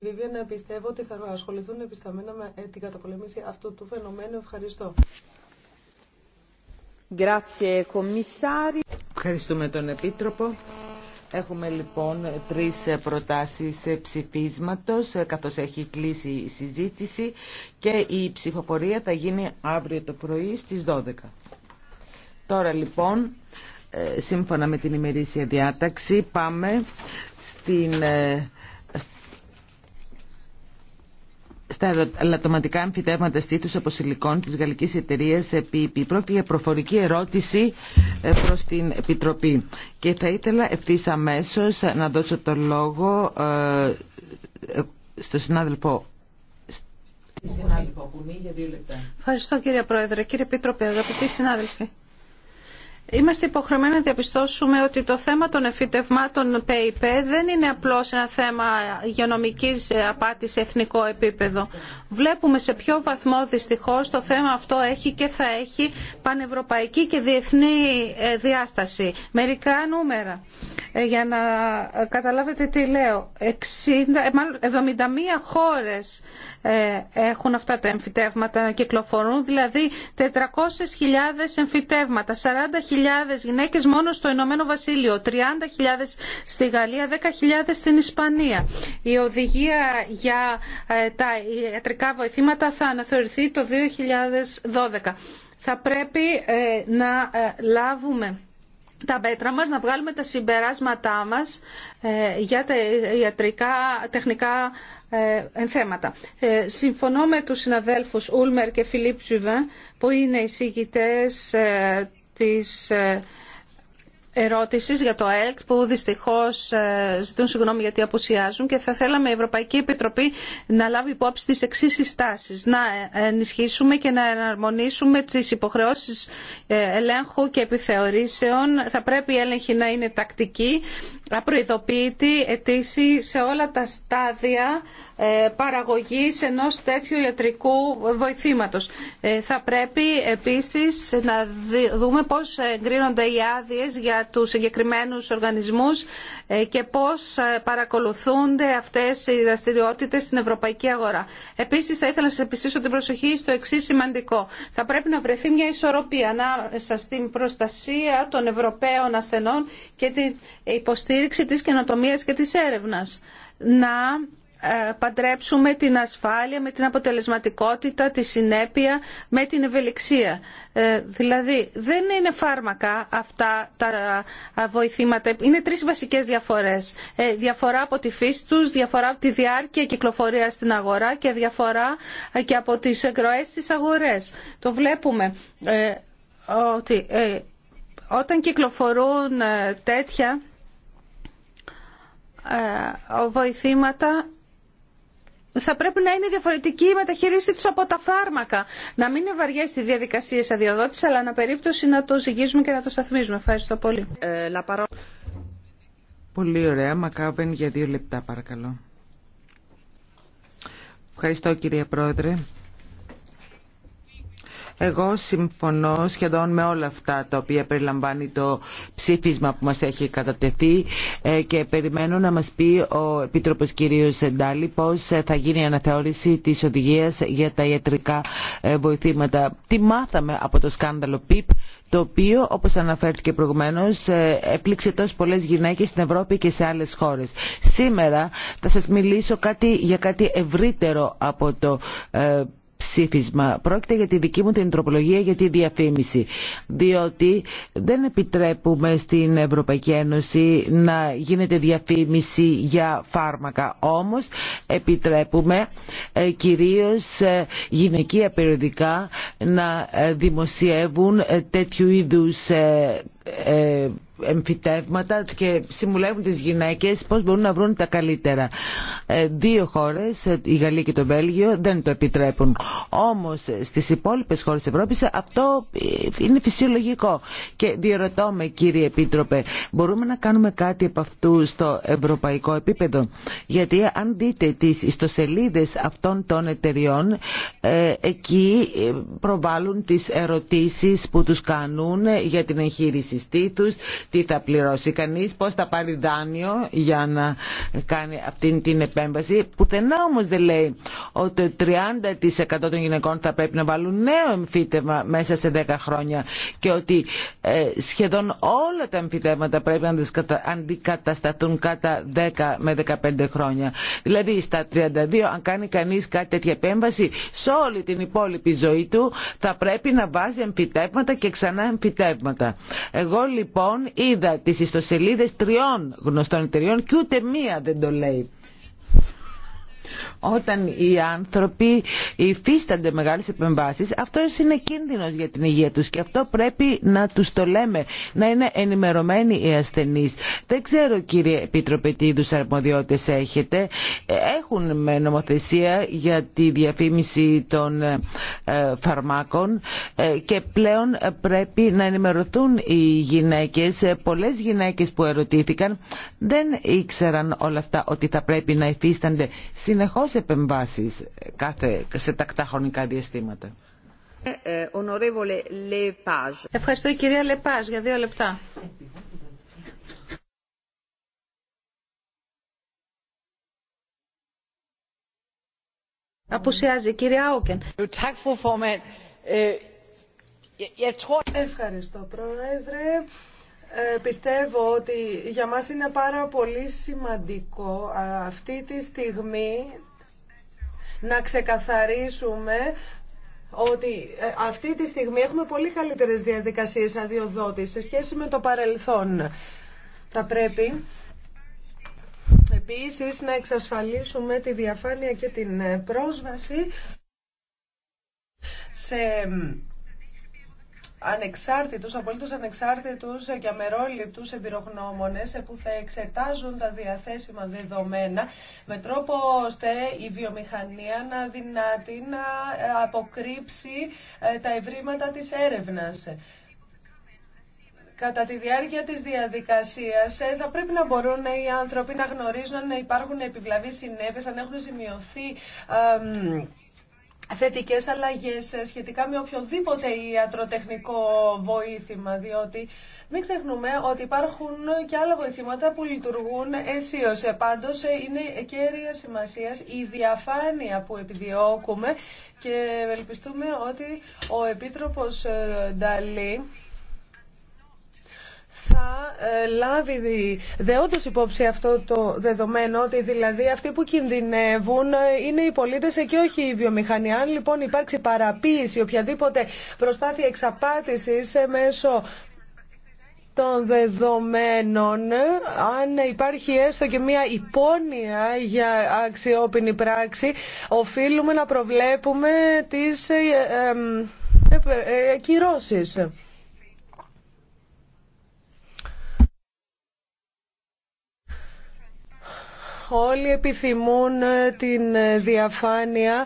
Βίβια, να πιστεύω ότι θα ασχοληθούν επισταμένα με ε, την καταπολέμηση αυτού του φαινομένου. Ευχαριστώ. Ευχαριστούμε τον Επίτροπο. Έχουμε λοιπόν τρεις ε, προτάσεις ε, ψηφίσματος, καθώς έχει κλείσει η συζήτηση και η ψηφοφορία θα γίνει αύριο το πρωί στις 12. Τώρα λοιπόν, σύμφωνα με την ημερήσια διάταξη, πάμε στην στα λατωματικά εμφυτεύματα στήθους από σιλικόν της γαλλικής εταιρείας PEP. Ε, Πρόκειται για προφορική ερώτηση ε, προς την Επιτροπή. Και θα ήθελα ευθύς αμέσω να δώσω το λόγο ε, στο συνάδελφο Ευχαριστώ κύριε Πρόεδρε, κύριε Επίτροπε, αγαπητοί συνάδελφοι. Είμαστε υποχρεωμένοι να διαπιστώσουμε ότι το θέμα των εφητευμάτων ΠΕΙΠ δεν είναι απλώς ένα θέμα υγειονομικής απάτης σε εθνικό επίπεδο. Βλέπουμε σε ποιο βαθμό δυστυχώς το θέμα αυτό έχει και θα έχει πανευρωπαϊκή και διεθνή ε, διάσταση. Μερικά νούμερα ε, για να καταλάβετε τι λέω. 60, 71 ε, χώρες ε, έχουν αυτά τα εμφυτεύματα να κυκλοφορούν, δηλαδή 400.000 εμφυτεύματα, 40.000 γυναίκες μόνο στο Ηνωμένο Βασίλειο, 30.000 στη Γαλλία, 10.000 στην Ισπανία. Η οδηγία για ε, τα ιατρικά βοηθήματα θα αναθεωρηθεί το 2012. Θα πρέπει ε, να λάβουμε τα μέτρα μας, να βγάλουμε τα συμπεράσματά μας ε, για τα ιατρικά τεχνικά ε, θέματα. Ε, συμφωνώ με τους συναδέλφους Ούλμερ και Φιλίπ Τζουβέ που είναι οι ε, της ερώτησης για το ΕΛΚ που δυστυχώς ε, ζητούν συγγνώμη γιατί απουσιάζουν και θα θέλαμε η Ευρωπαϊκή Επιτροπή να λάβει υπόψη τις εξής συστάσεις. Να ενισχύσουμε και να εναρμονίσουμε τις υποχρεώσεις ε, ελέγχου και επιθεωρήσεων. Θα πρέπει η έλεγχη να είναι τακτική απροειδοποιητή αιτήσει σε όλα τα στάδια ε, παραγωγής ενός τέτοιου ιατρικού βοηθήματος. Ε, θα πρέπει επίσης να δούμε πώς εγκρίνονται οι άδειε για τους συγκεκριμένους οργανισμούς ε, και πώς παρακολουθούνται αυτές οι δραστηριότητες στην ευρωπαϊκή αγορά. Επίσης θα ήθελα να σας επιστήσω την προσοχή στο εξή σημαντικό. Θα πρέπει να βρεθεί μια ισορροπία ανάμεσα στην προστασία των Ευρωπαίων ασθενών και την υποστήριξη στήριξη της καινοτομίας και της έρευνας. Να ε, παντρέψουμε την ασφάλεια με την αποτελεσματικότητα, τη συνέπεια, με την ευελιξία. Ε, δηλαδή, δεν είναι φάρμακα αυτά τα βοηθήματα. Είναι τρεις βασικές διαφορές. Ε, διαφορά από τη φύση τους, διαφορά από τη διάρκεια κυκλοφορία στην αγορά και διαφορά και από τις εγκροές στις αγορές. Το βλέπουμε ότι όταν κυκλοφορούν τέτοια ε, βοηθήματα θα πρέπει να είναι διαφορετική η μεταχείρισή τους από τα φάρμακα. Να μην είναι βαριές οι διαδικασίες αδειοδότης, αλλά να περίπτωση να το ζυγίζουμε και να το σταθμίζουμε. Ευχαριστώ πολύ. Ε, πολύ ωραία. Μακάβεν για δύο λεπτά παρακαλώ. Ευχαριστώ κύριε Πρόεδρε. Εγώ συμφωνώ σχεδόν με όλα αυτά τα οποία περιλαμβάνει το ψήφισμα που μας έχει κατατεθεί ε, και περιμένω να μας πει ο Επίτροπος κ. Σεντάλη πώς ε, θα γίνει η αναθεώρηση της οδηγίας για τα ιατρικά ε, βοηθήματα. Τι μάθαμε από το σκάνδαλο ΠΥΠ, το οποίο όπως αναφέρθηκε προηγουμένως έπληξε τόσο πολλές γυναίκες στην Ευρώπη και σε άλλες χώρες. Σήμερα θα σας μιλήσω κάτι, για κάτι ευρύτερο από το ψήφισμα. Πρόκειται για τη δική μου την τροπολογία για τη διαφήμιση. Διότι δεν επιτρέπουμε στην Ευρωπαϊκή Ένωση να γίνεται διαφήμιση για φάρμακα. Όμως επιτρέπουμε ε, κυρίως ε, γυναικεία περιοδικά να ε, δημοσιεύουν τέτοιου είδους εμφυτεύματα και συμβουλεύουν τις γυναίκες πώς μπορούν να βρουν τα καλύτερα. Ε, δύο χώρες, η Γαλλία και το Βέλγιο, δεν το επιτρέπουν. Όμως στις υπόλοιπες χώρες της Ευρώπης αυτό είναι φυσιολογικό. Και διερωτώ με κύριε Επίτροπε, μπορούμε να κάνουμε κάτι από αυτού στο ευρωπαϊκό επίπεδο. Γιατί αν δείτε τις ιστοσελίδες αυτών των εταιριών, ε, εκεί ε, προβάλλουν τις ερωτήσεις που τους κάνουν για την εγχείρηση στήθους, τι θα πληρώσει κανείς, πώς θα πάρει δάνειο για να κάνει αυτή την επέμβαση. Πουθενά όμως δεν λέει ότι 30% των γυναικών θα πρέπει να βάλουν νέο εμφύτευμα μέσα σε 10 χρόνια και ότι ε, σχεδόν όλα τα εμφυτεύματα πρέπει να αντικατασταθούν κατά 10 με 15 χρόνια. Δηλαδή στα 32 αν κάνει κανείς κάτι τέτοια επέμβαση σε όλη την υπόλοιπη ζωή του θα πρέπει να βάζει εμφυτεύματα και ξανά εμφυτεύματα. Εγώ λοιπόν είδα τις ιστοσελίδες τριών γνωστών εταιριών και ούτε μία δεν το λέει. Όταν οι άνθρωποι υφίστανται μεγάλες επεμβάσεις, αυτό είναι κίνδυνος για την υγεία τους και αυτό πρέπει να τους το λέμε, να είναι ενημερωμένοι οι ασθενείς. Δεν ξέρω κύριε Επίτροπε τι είδους αρμοδιότητες έχετε. Έχουν με νομοθεσία για τη διαφήμιση των ε, φαρμάκων ε, και πλέον πρέπει να ενημερωθούν οι γυναίκες. Πολλές γυναίκες που ερωτήθηκαν δεν ήξεραν όλα αυτά ότι θα πρέπει να υφίστανται συνεχώς επεμβάσεις κάθε, σε τακτά χρονικά διαστήματα. Ε, ε, Ευχαριστώ η κυρία Λεπάζ για δύο λεπτά. Απουσιάζει. κυρία Όκεν. Øh, Ευχαριστώ, Πρόεδρε. Ε, πιστεύω ότι για μας είναι πάρα πολύ σημαντικό αυτή τη στιγμή να ξεκαθαρίσουμε ότι ε, αυτή τη στιγμή έχουμε πολύ καλύτερες διαδικασίες αδειοδότησης σε σχέση με το παρελθόν. Θα πρέπει επίσης να εξασφαλίσουμε τη διαφάνεια και την ε, πρόσβαση σε ανεξάρτητους, απολύτως ανεξάρτητους και αμερόληπτους εμπειρογνώμονες ε, που θα εξετάζουν τα διαθέσιμα δεδομένα με τρόπο ώστε η βιομηχανία να δυνατή να ε, αποκρύψει ε, τα ευρήματα της έρευνας. Κατά τη διάρκεια της διαδικασίας θα πρέπει να μπορούν οι άνθρωποι να γνωρίζουν αν υπάρχουν επιβλαβείς συνέπειες, αν έχουν σημειωθεί θετικές αλλαγές ε, σχετικά με οποιοδήποτε ιατροτεχνικό βοήθημα, διότι μην ξεχνούμε ότι υπάρχουν και άλλα βοηθήματα που λειτουργούν αισίως. Ε, Πάντω ε, είναι κέρια σημασίας η διαφάνεια που επιδιώκουμε και ελπιστούμε ότι ο Επίτροπος Νταλή θα ε, λάβει δεόντως υπόψη αυτό το δεδομένο ότι δηλαδή αυτοί που κινδυνεύουν ε, είναι οι πολίτες και όχι η βιομηχανία. Αν λοιπόν υπάρξει παραποίηση, οποιαδήποτε προσπάθεια εξαπάτησης ε, μέσω των δεδομένων, αν υπάρχει έστω και μία υπόνοια για αξιόπινη πράξη, οφείλουμε να προβλέπουμε τις ε, όλοι επιθυμούν ε, την ε, διαφάνεια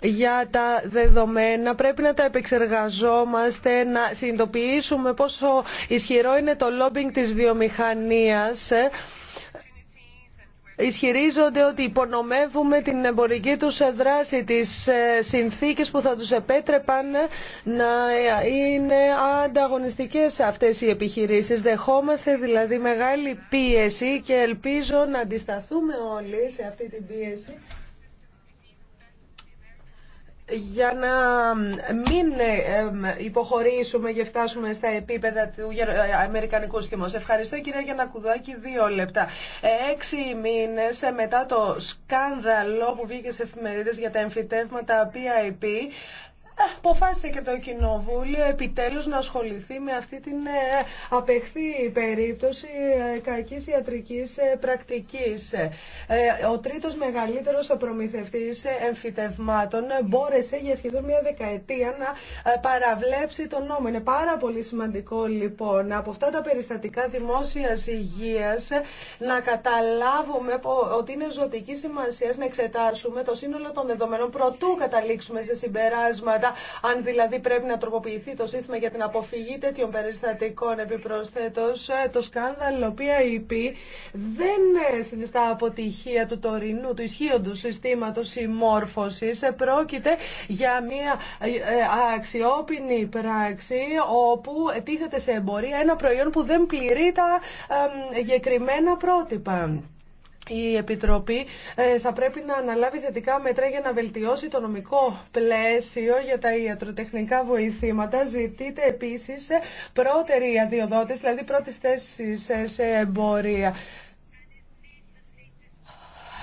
για τα δεδομένα. Πρέπει να τα επεξεργαζόμαστε, να συνειδητοποιήσουμε πόσο ισχυρό είναι το λόμπινγκ της βιομηχανίας ε, ισχυρίζονται ότι υπονομεύουμε την εμπορική του δράση, τι ε, συνθήκες που θα τους επέτρεπαν να είναι ανταγωνιστικές αυτές οι επιχειρήσεις. Δεχόμαστε δηλαδή μεγάλη πίεση και ελπίζω να αντισταθούμε όλοι σε αυτή την πίεση για να μην ε, υποχωρήσουμε και φτάσουμε στα επίπεδα του ε, Αμερικανικού σχήματος. Ευχαριστώ κυρία Γιανακουδάκη. Δύο λεπτά. Ε, έξι μήνες μετά το σκάνδαλο που βγήκε σε εφημερίδες για τα εμφυτεύματα PIP, ε, αποφάσισε και το Κοινοβούλιο επιτέλους να ασχοληθεί με αυτή την ε, απεχθή περίπτωση ε, κακής ιατρικής πρακτικής. Ο τρίτος μεγαλύτερος προμηθευτής εμφυτευμάτων μπόρεσε για σχεδόν μια δεκαετία να παραβλέψει τον νόμο. Είναι πάρα πολύ σημαντικό λοιπόν από αυτά τα περιστατικά δημόσιας υγείας να καταλάβουμε ότι είναι ζωτική σημασία να εξετάσουμε το σύνολο των δεδομένων προτού καταλήξουμε σε συμπεράσματα αν δηλαδή πρέπει να τροποποιηθεί το σύστημα για την αποφυγή τέτοιων περιστατικών επιπροσθέτω, ε, το σκάνδαλο PIP δεν ε, συνιστά αποτυχία του τωρινού, του ισχύοντο συστήματος συμμόρφωση. Ε, πρόκειται για μια αξιόπινη πράξη όπου τίθεται σε εμπορία ένα προϊόν που δεν πληρεί τα εγκεκριμένα πρότυπα η Επιτροπή ε, θα πρέπει να αναλάβει θετικά μέτρα για να βελτιώσει το νομικό πλαίσιο για τα ιατροτεχνικά βοηθήματα. ζητείτε επίσης ε, πρώτερη αδειοδότηση, δηλαδή πρώτη θέση ε, σε εμπορία.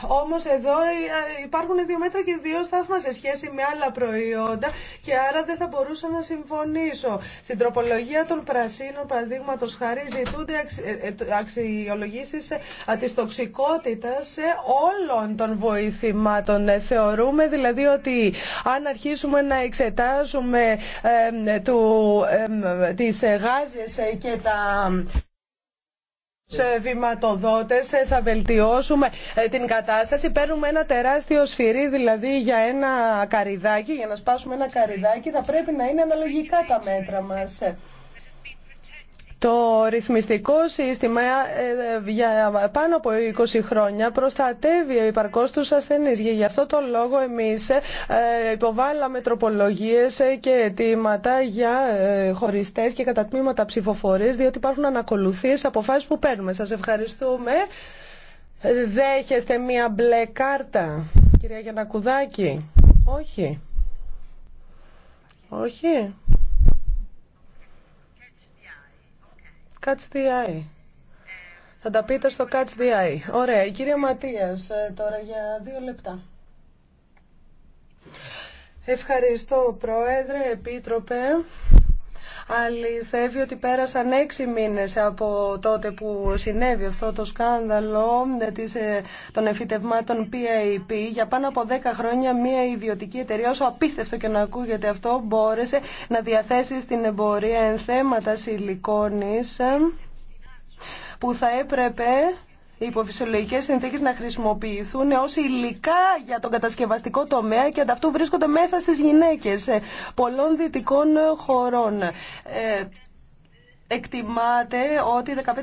Όμως εδώ ε, υπάρχουν δύο μέτρα και δύο στάθμα σε σχέση με άλλα προϊόντα και άρα δεν θα μπορούσα να συμφωνήσω. Στην τροπολογία των πρασίνων, παραδείγματο χάρη, ζητούνται ε, ε, αξιολογήσει τη τοξικότητα όλων των βοηθημάτων. Θεωρούμε δηλαδή ότι αν αρχίσουμε να εξετάζουμε ε, του, τις γάζες και τα βήματοδότε, ε, θα βελτιώσουμε ε, την κατάσταση. Παίρνουμε ένα τεράστιο σφυρί δηλαδή για ένα καριδάκι, για να σπάσουμε ένα καριδάκι θα πρέπει να είναι αναλογικά τα μέτρα μα. Το ρυθμιστικό σύστημα ε, για πάνω από 20 χρόνια προστατεύει υπαρκώς τους ασθενείς. Γι' αυτό το λόγο εμείς ε, υποβάλαμε τροπολογίες ε, και αιτήματα για χωριστές και κατατμήματα τμήματα διότι υπάρχουν ανακολουθίες αποφάσεις που παίρνουμε. Σας ευχαριστούμε. Δέχεστε μία μπλε κάρτα, κυρία Γιανακουδάκη. Όχι. Όχι. Catch the Θα τα πείτε στο Catch the Ωραία. Η κυρία Ματίας, ε, τώρα για δύο λεπτά. Ευχαριστώ, Πρόεδρε, Επίτροπε αληθεύει ότι πέρασαν έξι μήνες από τότε που συνέβη αυτό το σκάνδαλο ε, ε, των εφητευμάτων PAP. Για πάνω από δέκα χρόνια μια ιδιωτική εταιρεία, όσο απίστευτο και να ακούγεται αυτό, μπόρεσε να διαθέσει στην εμπορία ενθέματα σιλικόνης ε, που θα έπρεπε υποφυσιολογικέ συνθήκε να χρησιμοποιηθούν ω υλικά για τον κατασκευαστικό τομέα και ανταυτού βρίσκονται μέσα στι γυναίκε πολλών δυτικών χωρών. Ε, Εκτιμάται ότι 15.000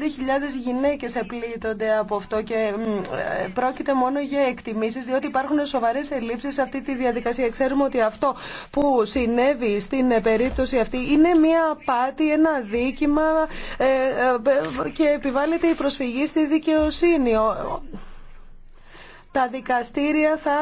γυναίκες επλήττονται από αυτό και ε, πρόκειται μόνο για εκτιμήσεις διότι υπάρχουν σοβαρές ελλείψεις σε αυτή τη διαδικασία. Ξέρουμε ότι αυτό που συνέβη στην ε, περίπτωση αυτή είναι μια απάτη, ένα δίκημα ε, και επιβάλλεται η προσφυγή στη δικαιοσύνη. Τα δικαστήρια θα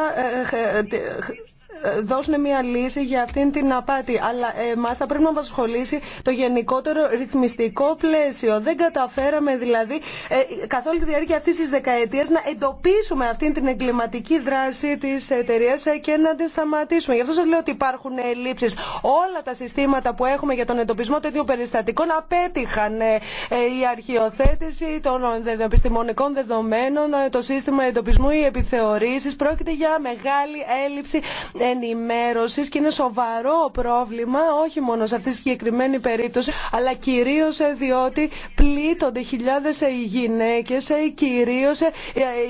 δώσουν μια λύση για αυτήν την απάτη. Αλλά εμά θα πρέπει να μα ασχολήσει το γενικότερο ρυθμιστικό πλαίσιο. Δεν καταφέραμε δηλαδή ε, καθ' όλη τη διάρκεια αυτή τη δεκαετία να εντοπίσουμε αυτήν την εγκληματική δράση τη εταιρεία και να την σταματήσουμε. Γι' αυτό σα λέω ότι υπάρχουν ελλείψει. Όλα τα συστήματα που έχουμε για τον εντοπισμό τέτοιων περιστατικών απέτυχαν. Ε, ε, η αρχιοθέτηση των επιστημονικών δεδομένων, το σύστημα εντοπισμού, οι επιθεωρήσει. Πρόκειται για μεγάλη έλλειψη ενημέρωσης και είναι σοβαρό πρόβλημα όχι μόνο σε αυτή τη συγκεκριμένη περίπτωση αλλά κυρίως διότι πλήττονται χιλιάδες ε, οι γυναίκες ε, κυρίως ε,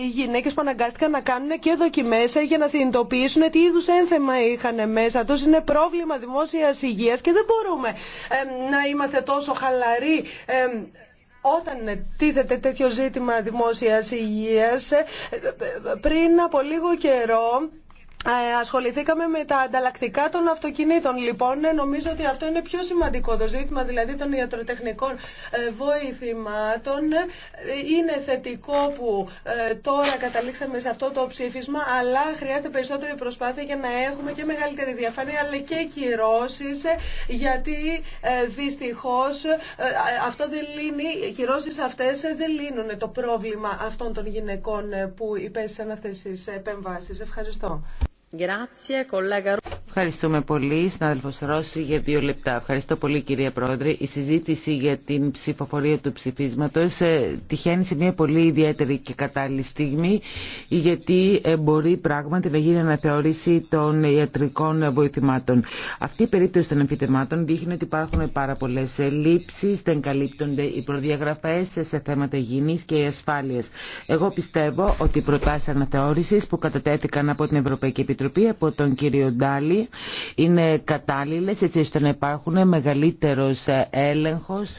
οι γυναίκες που αναγκάστηκαν να κάνουν και δοκιμές για να συνειδητοποιήσουν τι είδους ένθεμα είχαν μέσα τους είναι πρόβλημα δημόσιας υγείας και δεν μπορούμε να είμαστε τόσο χαλαροί όταν τίθεται τέτοιο ζήτημα δημόσιας υγείας πριν από λίγο καιρό ε, ασχοληθήκαμε με τα ανταλλακτικά των αυτοκινήτων. Λοιπόν, ε, νομίζω ότι αυτό είναι πιο σημαντικό. Το ζήτημα δηλαδή των ιατροτεχνικών ε, βοηθημάτων είναι θετικό που τώρα καταλήξαμε σε αυτό το ψήφισμα, αλλά χρειάζεται περισσότερη προσπάθεια για να έχουμε και μεγαλύτερη διαφάνεια, αλλά και κυρώσει, γιατί δυστυχώ αυτό δεν λύνει, οι κυρώσει αυτέ δεν λύνουν το πρόβλημα αυτών των γυναικών που υπέστησαν αυτέ τι επεμβάσει. Ευχαριστώ. Ευχαριστούμε πολύ, συνάδελφο Ρώση, για δύο λεπτά. Ευχαριστώ πολύ, κυρία Πρόεδρε. Η συζήτηση για την ψηφοφορία του ψηφίσματο ε, τυχαίνει σε μια πολύ ιδιαίτερη και κατάλληλη στιγμή, γιατί ε, μπορεί πράγματι να γίνει αναθεώρηση των ιατρικών βοηθημάτων. Αυτή η περίπτωση των εμφυτευμάτων δείχνει ότι υπάρχουν πάρα πολλέ λήψει, δεν καλύπτονται οι προδιαγραφέ σε θέματα υγιεινή και ασφάλεια. Εγώ πιστεύω ότι οι προτάσει αναθεώρηση που κατατέθηκαν από την Ευρωπαϊκή Επιτροπή Επιτροπή από τον κύριο είναι κατάλληλες έτσι ώστε να υπάρχουν μεγαλύτερος έλεγχος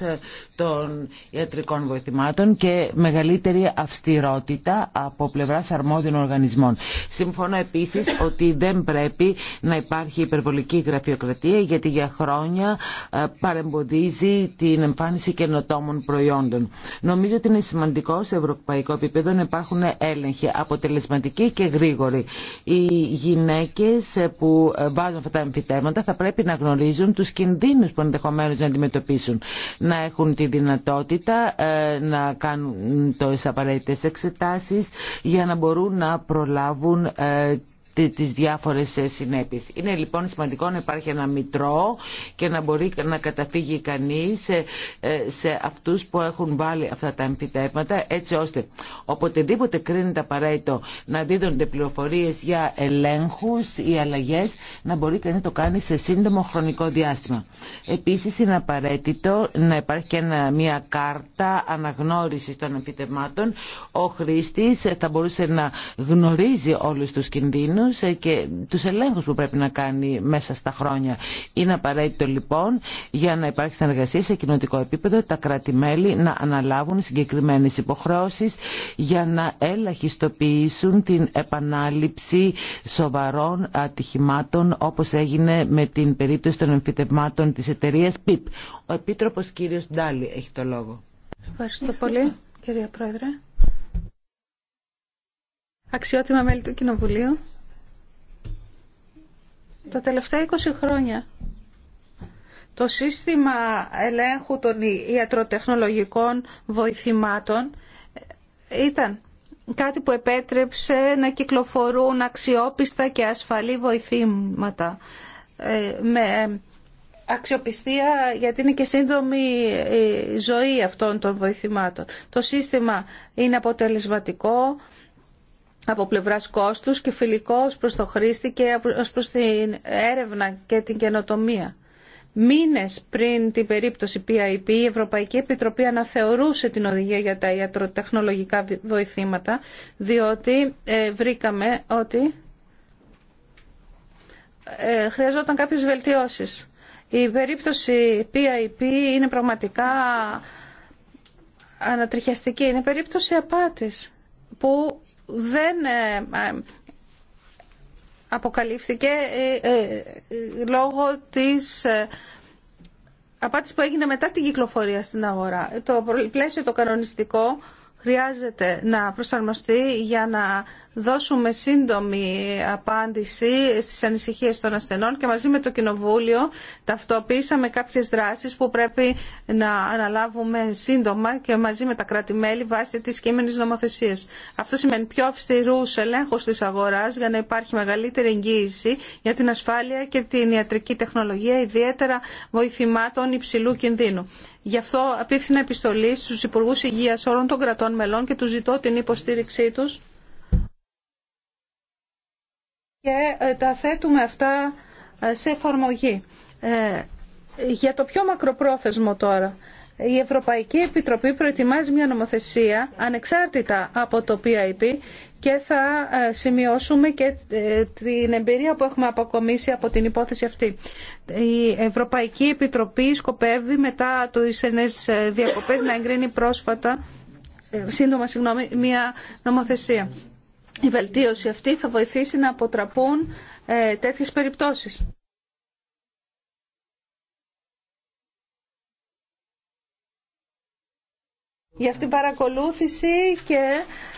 των ιατρικών βοηθημάτων και μεγαλύτερη αυστηρότητα από πλευράς αρμόδιων οργανισμών. Συμφωνώ επίσης ότι δεν πρέπει να υπάρχει υπερβολική γραφειοκρατία γιατί για χρόνια ε, παρεμποδίζει την εμφάνιση καινοτόμων προϊόντων. Νομίζω ότι είναι σημαντικό σε ευρωπαϊκό επίπεδο να υπάρχουν έλεγχοι αποτελεσματικοί και γρήγοροι. Η γυναίκες που ε, βάζουν αυτά τα εμφυτεύματα θα πρέπει να γνωρίζουν τους κινδύνους που ενδεχομένω να αντιμετωπίσουν. Να έχουν τη δυνατότητα ε, να κάνουν τις απαραίτητες εξετάσεις για να μπορούν να προλάβουν ε, τις διάφορες ε, συνέπειες. Είναι λοιπόν σημαντικό να υπάρχει ένα μητρό και να μπορεί να καταφύγει κανείς σε, ε, σε αυτούς που έχουν βάλει αυτά τα εμφυτεύματα έτσι ώστε οποτεδήποτε κρίνεται απαραίτητο να δίδονται πληροφορίες για ελέγχους ή αλλαγές να μπορεί κανείς να το κάνει σε σύντομο χρονικό διάστημα. Επίσης είναι απαραίτητο να υπάρχει και μια κάρτα αναγνώρισης των εμφυτευμάτων. Ο χρήστης θα μπορούσε να γνωρίζει όλους τους κινδύνου. Ε, και τους ελέγχους που πρέπει να κάνει μέσα στα χρόνια. Είναι απαραίτητο λοιπόν για να υπάρχει συνεργασία σε κοινωτικό επίπεδο τα κράτη-μέλη να αναλάβουν συγκεκριμένες υποχρεώσεις για να ελαχιστοποιήσουν την επανάληψη σοβαρών ατυχημάτων όπως έγινε με την περίπτωση των εμφυτευμάτων της εταιρείας PIP. Ο Επίτροπος κύριος Ντάλι έχει το λόγο. Ευχαριστώ πολύ κυρία Πρόεδρε. Αξιότιμα μέλη του Κοινοβουλίου. Τα τελευταία 20 χρόνια το σύστημα ελέγχου των ιατροτεχνολογικών βοηθημάτων ε, ήταν κάτι που επέτρεψε να κυκλοφορούν αξιόπιστα και ασφαλή βοηθήματα ε, με ε, αξιοπιστία γιατί είναι και σύντομη ζωή αυτών των βοηθημάτων. Το σύστημα είναι αποτελεσματικό, από πλευράς κόστους και φιλικός προς το χρήστη και προς την έρευνα και την καινοτομία. Μήνες πριν την περίπτωση PIP, η Ευρωπαϊκή Επιτροπή αναθεωρούσε την οδηγία για τα ιατροτεχνολογικά βοηθήματα, διότι ε, βρήκαμε ότι ε, χρειαζόταν κάποιες βελτιώσεις. Η περίπτωση PIP είναι πραγματικά ανατριχιαστική. Είναι περίπτωση απάτης δεν ε, ε, αποκαλύφθηκε ε, λόγω της απάτης που έγινε μετά την κυκλοφορία στην αγορά. Το πλαίσιο το κανονιστικό χρειάζεται να προσαρμοστεί για να δώσουμε σύντομη απάντηση στις ανησυχίες των ασθενών και μαζί με το Κοινοβούλιο ταυτοποιήσαμε κάποιες δράσεις που πρέπει να αναλάβουμε σύντομα και μαζί με τα κράτη-μέλη βάσει της κείμενης νομοθεσίας. Αυτό σημαίνει πιο αυστηρούς ελέγχου της αγοράς για να υπάρχει μεγαλύτερη εγγύηση για την ασφάλεια και την ιατρική τεχνολογία, ιδιαίτερα βοηθημάτων υψηλού κινδύνου. Γι' αυτό απίθυνα επιστολή στους Υπουργούς Υγείας όλων των κρατών μελών και τους ζητώ την υποστήριξή τους και ε, τα θέτουμε αυτά ε, σε εφαρμογή. Ε, για το πιο μακροπρόθεσμο τώρα. Η Ευρωπαϊκή Επιτροπή προετοιμάζει μια νομοθεσία ανεξάρτητα από το PIP και θα σημειώσουμε και την εμπειρία που έχουμε αποκομίσει από την υπόθεση αυτή. Η Ευρωπαϊκή Επιτροπή σκοπεύει μετά τις ενές διακοπές να εγκρίνει πρόσφατα, σύντομα μια νομοθεσία η βελτίωση αυτή θα βοηθήσει να αποτραπούν ε, τέτοιες περιπτώσεις. για αυτήν την παρακολούθηση και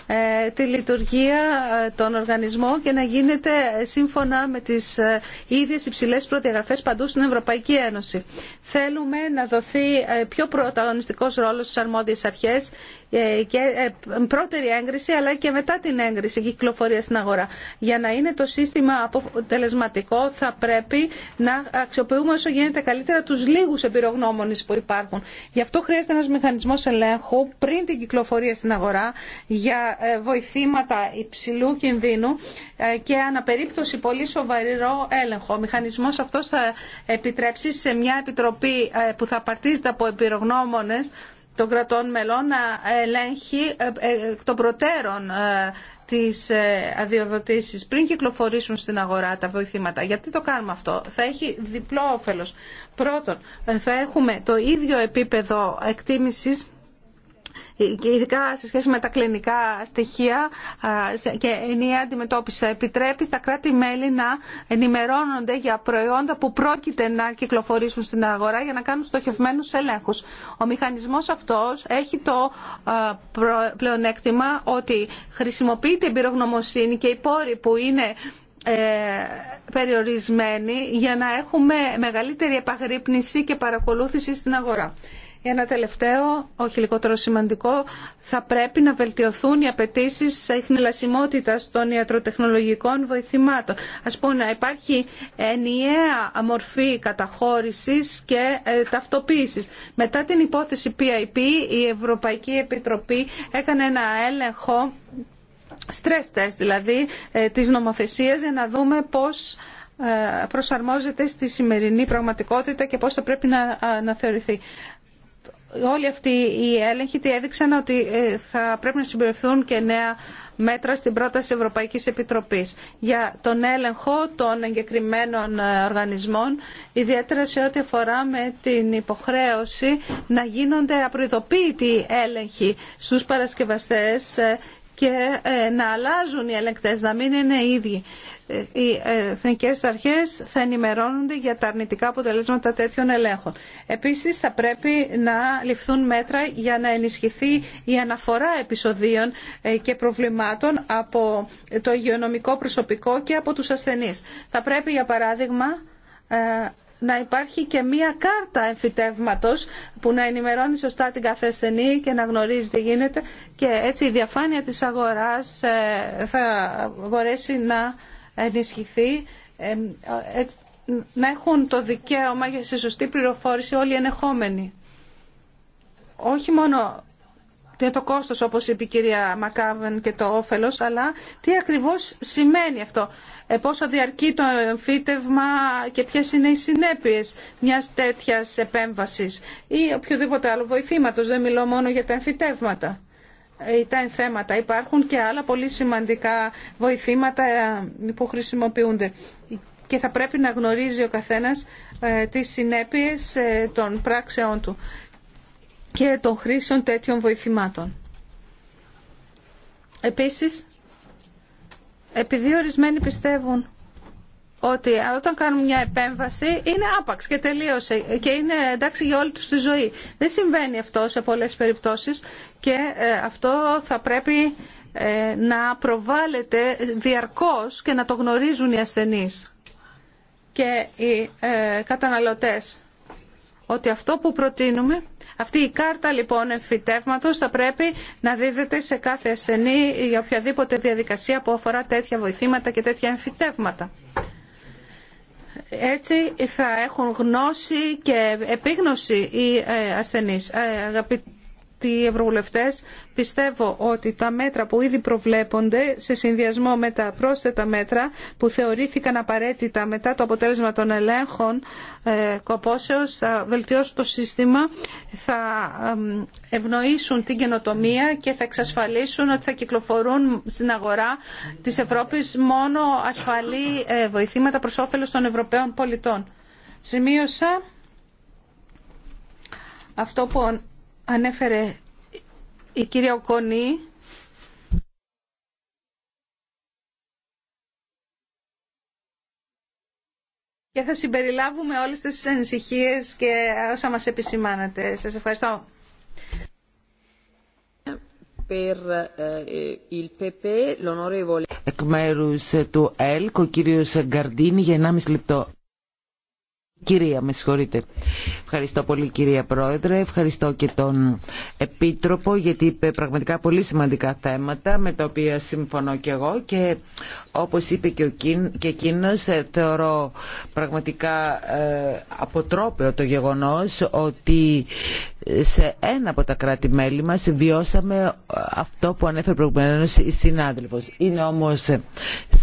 ε, τη λειτουργία ε, των οργανισμών και να γίνεται ε, σύμφωνα με τις ε, ίδιες υψηλές προδιαγραφές παντού στην Ευρωπαϊκή Ένωση. Θέλουμε να δοθεί ε, πιο πρωταγωνιστικός ρόλος στις αρμόδιες αρχές ε, και πρώτερη έγκριση αλλά και μετά την έγκριση κυκλοφορία στην αγορά. Για να είναι το σύστημα αποτελεσματικό θα πρέπει να αξιοποιούμε όσο γίνεται καλύτερα τους λίγους εμπειρογνώμονες που υπάρχουν. Γι' αυτό χρειάζεται ένας μηχανισμός ελέγχου πριν την κυκλοφορία στην αγορά για ε, βοηθήματα υψηλού κινδύνου ε, και αναπερίπτωση πολύ σοβαρό έλεγχο. Ο μηχανισμός αυτός θα επιτρέψει σε μια επιτροπή ε, που θα απαρτίζεται από επιρογνώμονες των κρατών μελών να ελέγχει των προτέρων τις αδειοδοτήσεις πριν κυκλοφορήσουν στην αγορά τα βοηθήματα. Γιατί το κάνουμε αυτό. Θα έχει διπλό όφελος. Πρώτον, θα έχουμε το ίδιο επίπεδο εκτίμησης ειδικά σε σχέση με τα κλινικά στοιχεία και ενιαία αντιμετώπιση. Επιτρέπει στα κράτη-μέλη να ενημερώνονται για προϊόντα που πρόκειται να κυκλοφορήσουν στην αγορά για να κάνουν στοχευμένου ελέγχου. Ο μηχανισμό αυτό έχει το πλεονέκτημα ότι χρησιμοποιείται πυρογνωμοσύνη και οι πόροι που είναι ε, περιορισμένοι για να έχουμε μεγαλύτερη επαγρύπνηση και παρακολούθηση στην αγορά. Ένα τελευταίο, όχι λιγότερο σημαντικό, θα πρέπει να βελτιωθούν οι απαιτήσει ειχνηλασιμότητα των ιατροτεχνολογικών βοηθημάτων. Α πούμε, να υπάρχει ενιαία μορφή καταχώρηση και ε, ταυτοποίηση. Μετά την υπόθεση PIP, η Ευρωπαϊκή Επιτροπή έκανε ένα έλεγχο, stress test δηλαδή, ε, της νομοθεσίας για να δούμε πώς ε, προσαρμόζεται στη σημερινή πραγματικότητα και πώς θα πρέπει να, ε, να θεωρηθεί όλοι αυτοί οι έλεγχοι έδειξαν ότι ε, θα πρέπει να συμπεριφθούν και νέα μέτρα στην πρόταση Ευρωπαϊκής Επιτροπής για τον έλεγχο των εγκεκριμένων ε, οργανισμών, ιδιαίτερα σε ό,τι αφορά με την υποχρέωση να γίνονται απροειδοποίητοι έλεγχοι στους παρασκευαστές ε, και να αλλάζουν οι ελεγκτές, να μην είναι οι ίδιοι οι ε, εθνικέ αρχές θα ενημερώνονται για τα αρνητικά αποτελέσματα τέτοιων ελέγχων. Επίσης θα πρέπει να ληφθούν μέτρα για να ενισχυθεί η αναφορά επεισοδίων ε, και προβλημάτων από το υγειονομικό προσωπικό και από τους ασθενείς. Θα πρέπει για παράδειγμα ε, να υπάρχει και μία κάρτα εμφυτεύματος που να ενημερώνει σωστά την κάθε και να γνωρίζει τι γίνεται και έτσι η διαφάνεια της αγοράς θα μπορέσει να ενισχυθεί, ε, να έχουν το δικαίωμα για σε σωστή πληροφόρηση όλοι οι ενεχόμενοι. Όχι μόνο για το κόστος όπως είπε η κυρία Μακάβεν και το όφελος, αλλά τι ακριβώς σημαίνει αυτό. Ε, πόσο διαρκεί το εμφύτευμα και ποιες είναι οι συνέπειες μιας τέτοιας επέμβασης ή οποιοδήποτε άλλο βοηθήματος. Δεν μιλώ μόνο για τα εμφυτεύματα θέματα. Υπάρχουν και άλλα πολύ σημαντικά βοηθήματα ε, που χρησιμοποιούνται. Και θα πρέπει να γνωρίζει ο καθένας ε, τις συνέπειες ε, των πράξεών του και των χρήσεων τέτοιων βοηθημάτων. Επίσης, επειδή ορισμένοι πιστεύουν ότι όταν κάνουν μια επέμβαση είναι άπαξ και τελείωσε και είναι εντάξει για όλη τους τη ζωή. Δεν συμβαίνει αυτό σε πολλές περιπτώσεις και ε, αυτό θα πρέπει ε, να προβάλλεται διαρκώς και να το γνωρίζουν οι ασθενείς και οι ε, καταναλωτές. Ότι αυτό που προτείνουμε, αυτή η κάρτα λοιπόν εμφυτεύματος θα πρέπει να δίδεται σε κάθε ασθενή για οποιαδήποτε διαδικασία που αφορά τέτοια βοηθήματα και τέτοια εμφυτεύματα. Έτσι θα έχουν γνώση και επίγνωση οι ε, ασθενείς. Ε, αγαπητοί ευρωβουλευτές, Πιστεύω ότι τα μέτρα που ήδη προβλέπονται σε συνδυασμό με τα πρόσθετα μέτρα που θεωρήθηκαν απαραίτητα μετά το αποτέλεσμα των ελέγχων ε, κοπόσεως θα βελτιώσουν το σύστημα, θα ευνοήσουν την καινοτομία και θα εξασφαλίσουν ότι θα κυκλοφορούν στην αγορά της Ευρώπης μόνο ασφαλή ε, βοηθήματα προς όφελος των Ευρωπαίων πολιτών. Σημείωσα αυτό που ανέφερε η κυρία Οκονή και θα συμπεριλάβουμε όλες τις ανησυχίες και όσα μας επισημάνατε. Σας ευχαριστώ. Eh, Εκ μέρους ε, του ΕΛΚ, ο κύριος Γκαρντίνη για 1,5 λεπτό. Κυρία, με συγχωρείτε. Ευχαριστώ πολύ κυρία Πρόεδρε, ευχαριστώ και τον Επίτροπο γιατί είπε πραγματικά πολύ σημαντικά θέματα με τα οποία συμφωνώ και εγώ και όπως είπε και, ο, και εκείνος ε, θεωρώ πραγματικά ε, αποτρόπαιο το γεγονός ότι σε ένα από τα κράτη-μέλη μας βιώσαμε αυτό που ανέφερε προηγουμένως η συνάδελφος. Είναι όμως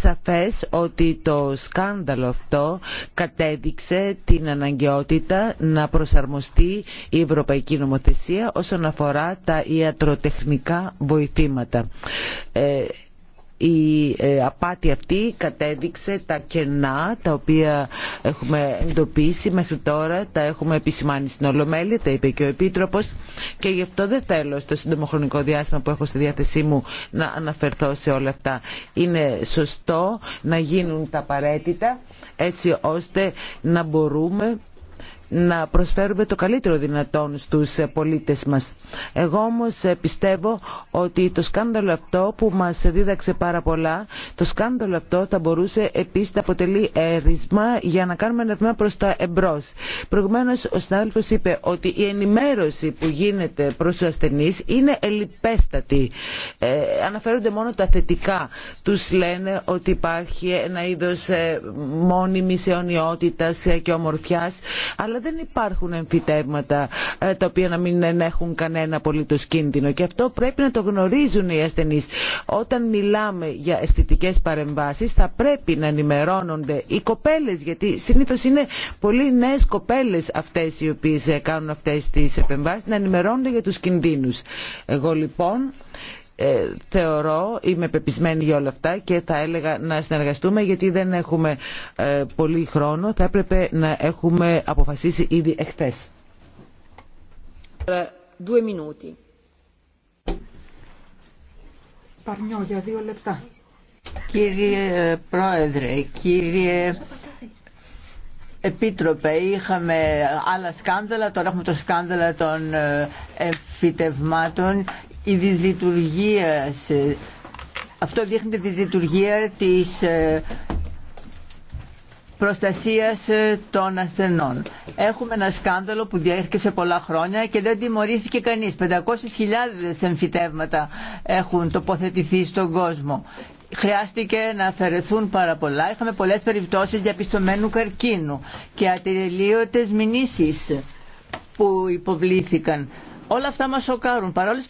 σαφές ότι το σκάνδαλο αυτό κατέδειξε την αναγκαιότητα να προσαρμοστεί η Ευρωπαϊκή Νομοθεσία όσον αφορά τα ιατροτεχνικά βοηθήματα. Ε, η ε, απάτη αυτή κατέδειξε τα κενά τα οποία έχουμε εντοπίσει μέχρι τώρα, τα έχουμε επισημάνει στην Ολομέλεια, τα είπε και ο Επίτροπος και γι' αυτό δεν θέλω στο σύντομο διάστημα που έχω στη διάθεσή μου να αναφερθώ σε όλα αυτά. Είναι σωστό να γίνουν τα απαραίτητα έτσι ώστε να μπορούμε να προσφέρουμε το καλύτερο δυνατόν στους ε, πολίτες μας. Εγώ όμως ε, πιστεύω ότι το σκάνδαλο αυτό που μας δίδαξε πάρα πολλά, το σκάνδαλο αυτό θα μπορούσε επίσης να αποτελεί ρίσμα για να κάνουμε ένα βήμα προς τα εμπρός. Προηγουμένως ο συνάδελφος είπε ότι η ενημέρωση που γίνεται προς τους ασθενείς είναι ελιπέστατη. Ε, αναφέρονται μόνο τα θετικά. Τους λένε ότι υπάρχει ένα είδος μόνιμης αιωνιότητας και ομορφιάς, δεν υπάρχουν εμφυτεύματα ε, τα οποία να μην έχουν κανένα απολύτως κίνδυνο και αυτό πρέπει να το γνωρίζουν οι ασθενείς. Όταν μιλάμε για αισθητικές παρεμβάσεις θα πρέπει να ενημερώνονται οι κοπέλες γιατί συνήθως είναι πολύ νέες κοπέλες αυτές οι οποίες ε, κάνουν αυτές τις επεμβάσεις να ενημερώνονται για τους κινδύνους. Εγώ λοιπόν ε, θεωρώ, είμαι πεπισμένη για όλα αυτά και θα έλεγα να συνεργαστούμε γιατί δεν έχουμε ε, πολύ χρόνο. Θα έπρεπε να έχουμε αποφασίσει ήδη εχθές. λεπτά. Κύριε Πρόεδρε, κύριε Επίτροπε, είχαμε άλλα σκάνδαλα, τώρα έχουμε το σκάνδαλα των εμφυτευμάτων η δυσλειτουργία αυτό δείχνει τη δυσλειτουργία της ε, προστασίας ε, των ασθενών. Έχουμε ένα σκάνδαλο που διέρχεσε πολλά χρόνια και δεν τιμωρήθηκε κανείς. 500.000 εμφυτεύματα έχουν τοποθετηθεί στον κόσμο. Χρειάστηκε να αφαιρεθούν πάρα πολλά. Είχαμε πολλές περιπτώσεις διαπιστωμένου καρκίνου και ατελείωτες μηνύσεις που υποβλήθηκαν. Όλα αυτά μας σοκάρουν. Παρόλες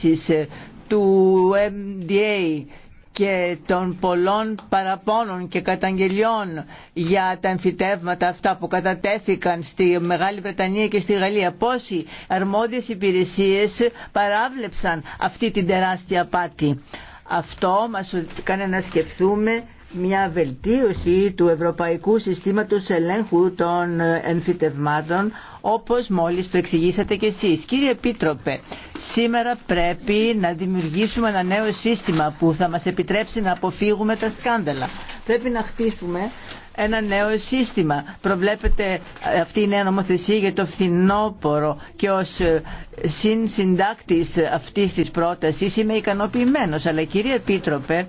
τις ε, του MDA και των πολλών παραπώνων και καταγγελιών για τα εμφυτεύματα αυτά που κατατέθηκαν στη Μεγάλη Βρετανία και στη Γαλλία. Πόσοι αρμόδιες υπηρεσίες παράβλεψαν αυτή την τεράστια πάτη. Αυτό μας κάνει να σκεφτούμε μια βελτίωση του Ευρωπαϊκού Συστήματος Ελέγχου των Εμφυτευμάτων όπως μόλις το εξηγήσατε και εσείς. Κύριε Επίτροπε, σήμερα πρέπει να δημιουργήσουμε ένα νέο σύστημα που θα μας επιτρέψει να αποφύγουμε τα σκάνδαλα. Πρέπει να χτίσουμε ένα νέο σύστημα. Προβλέπετε αυτή η νέα νομοθεσία για το φθινόπωρο και ως ε, συνσυντάκτης αυτής της πρότασης είμαι ικανοποιημένος. Αλλά κύριε Επίτροπε,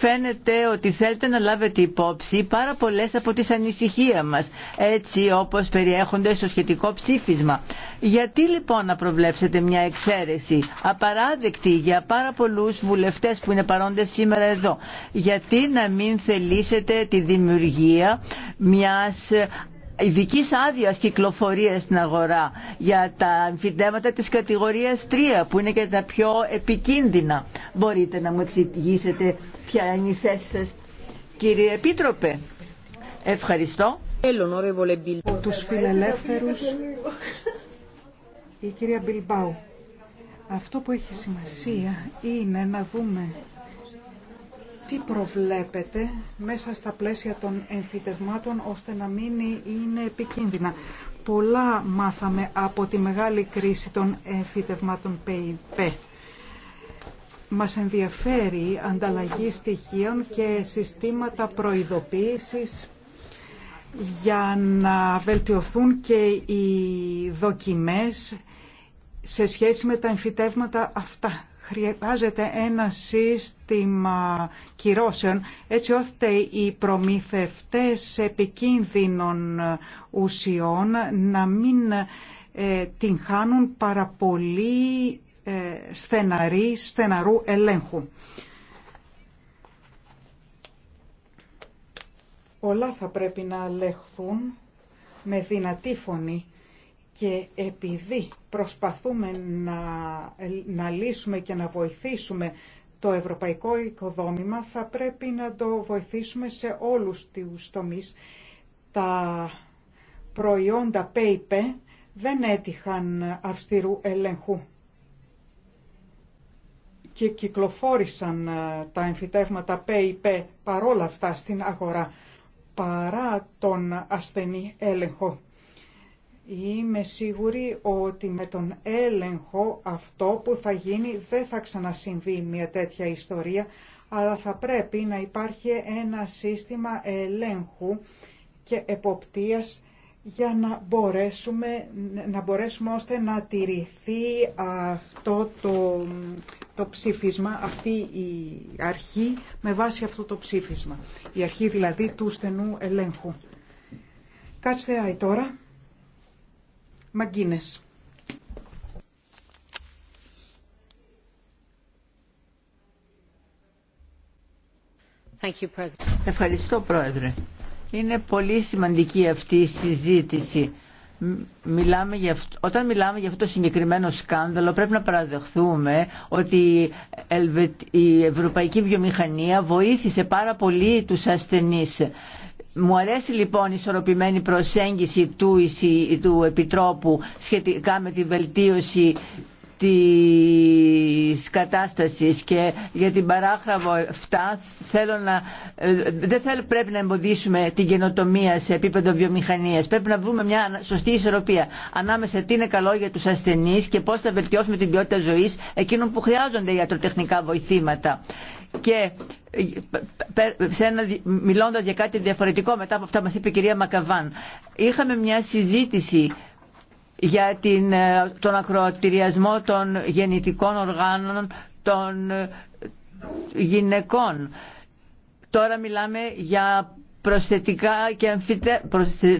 φαίνεται ότι θέλετε να λάβετε υπόψη πάρα πολλές από τις ανησυχία μας, έτσι όπως περιέχονται στο σχετικό ψήφισμα. Γιατί λοιπόν να προβλέψετε μια εξαίρεση απαράδεκτη για πάρα πολλούς βουλευτές που είναι παρόντες σήμερα εδώ. Γιατί να μην θελήσετε τη δημιουργία μιας ειδική άδεια κυκλοφορία στην αγορά για τα αμφιτέματα της κατηγορίας 3 που είναι και τα πιο επικίνδυνα. Μπορείτε να μου εξηγήσετε ποια είναι η θέση σας κύριε Επίτροπε. Ευχαριστώ. Τους φιλελεύθερους η κυρία Μπιλμπάου. Αυτό που έχει σημασία είναι να δούμε τι προβλέπετε μέσα στα πλαίσια των εμφυτευμάτων ώστε να μην είναι επικίνδυνα. Πολλά μάθαμε από τη μεγάλη κρίση των εμφυτευμάτων ΠΕΙΠΕ. Μας ενδιαφέρει ανταλλαγή στοιχείων και συστήματα προειδοποίησης για να βελτιωθούν και οι δοκιμές σε σχέση με τα εμφυτεύματα αυτά χρειάζεται ένα σύστημα κυρώσεων έτσι ώστε οι προμηθευτές επικίνδυνων ουσιών να μην ε, την χάνουν πάρα πολύ ε, στεναρή, στεναρού ελέγχου. Όλα θα πρέπει να ελεγχθούν με δυνατή φωνή και επειδή προσπαθούμε να, να λύσουμε και να βοηθήσουμε το ευρωπαϊκό οικοδόμημα, θα πρέπει να το βοηθήσουμε σε όλους τους τομείς. Τα προϊόντα ΠΕΙΠΕ δεν έτυχαν αυστηρού ελεγχού και κυκλοφόρησαν ε, τα εμφυτεύματα ΠΕΙΠΕ παρόλα αυτά στην αγορά παρά τον ασθενή έλεγχο. Είμαι σίγουρη ότι με τον έλεγχο αυτό που θα γίνει δεν θα ξανασυμβεί μια τέτοια ιστορία, αλλά θα πρέπει να υπάρχει ένα σύστημα ελέγχου και εποπτείας για να μπορέσουμε, να μπορέσουμε ώστε να τηρηθεί αυτό το, το ψήφισμα, αυτή η αρχή με βάση αυτό το ψήφισμα. Η αρχή δηλαδή του στενού ελέγχου. Κάτσε αι τώρα. Ευχαριστώ Πρόεδρε. Είναι πολύ σημαντική αυτή η συζήτηση. Μιλάμε για, όταν μιλάμε για αυτό το συγκεκριμένο σκάνδαλο πρέπει να παραδεχθούμε ότι η ευρωπαϊκή βιομηχανία βοήθησε πάρα πολύ τους ασθενείς μου αρέσει λοιπόν η ισορροπημένη προσέγγιση του, του Επιτρόπου σχετικά με τη βελτίωση της κατάστασης και για την παράχραβο 7 θέλω να, ε, δεν θέλω, πρέπει να εμποδίσουμε την καινοτομία σε επίπεδο βιομηχανίας. Πρέπει να βρούμε μια σωστή ισορροπία ανάμεσα τι είναι καλό για τους ασθενείς και πώς θα βελτιώσουμε την ποιότητα ζωής εκείνων που χρειάζονται ιατροτεχνικά βοηθήματα και ε, σε μιλώντας για κάτι διαφορετικό μετά από αυτά μας είπε η κυρία Μακαβάν είχαμε μια συζήτηση για την, ε, τον ακροατηριασμό των γεννητικών οργάνων των ε, γυναικών τώρα μιλάμε για προσθετικά και αμφιτε...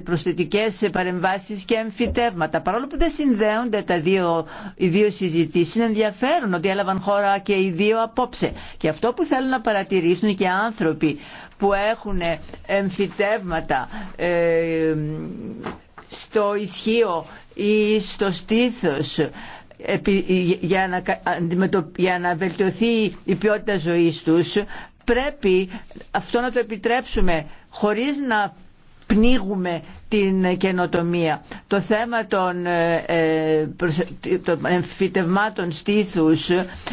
προσθετικές παρεμβάσεις και εμφυτεύματα. Παρόλο που δεν συνδέονται τα δύο, οι δύο συζητήσεις, είναι ενδιαφέρον ότι έλαβαν χώρα και οι δύο απόψε. Και αυτό που θέλουν να παρατηρήσουν και άνθρωποι που έχουν εμφυτεύματα ε, στο ισχύο ή στο στήθος, για να, για να βελτιωθεί η ποιότητα ζωής τους πρέπει αυτό να το επιτρέψουμε χωρίς να πνίγουμε την καινοτομία. Το θέμα των, ε, ε, των εμφυτευμάτων στήθους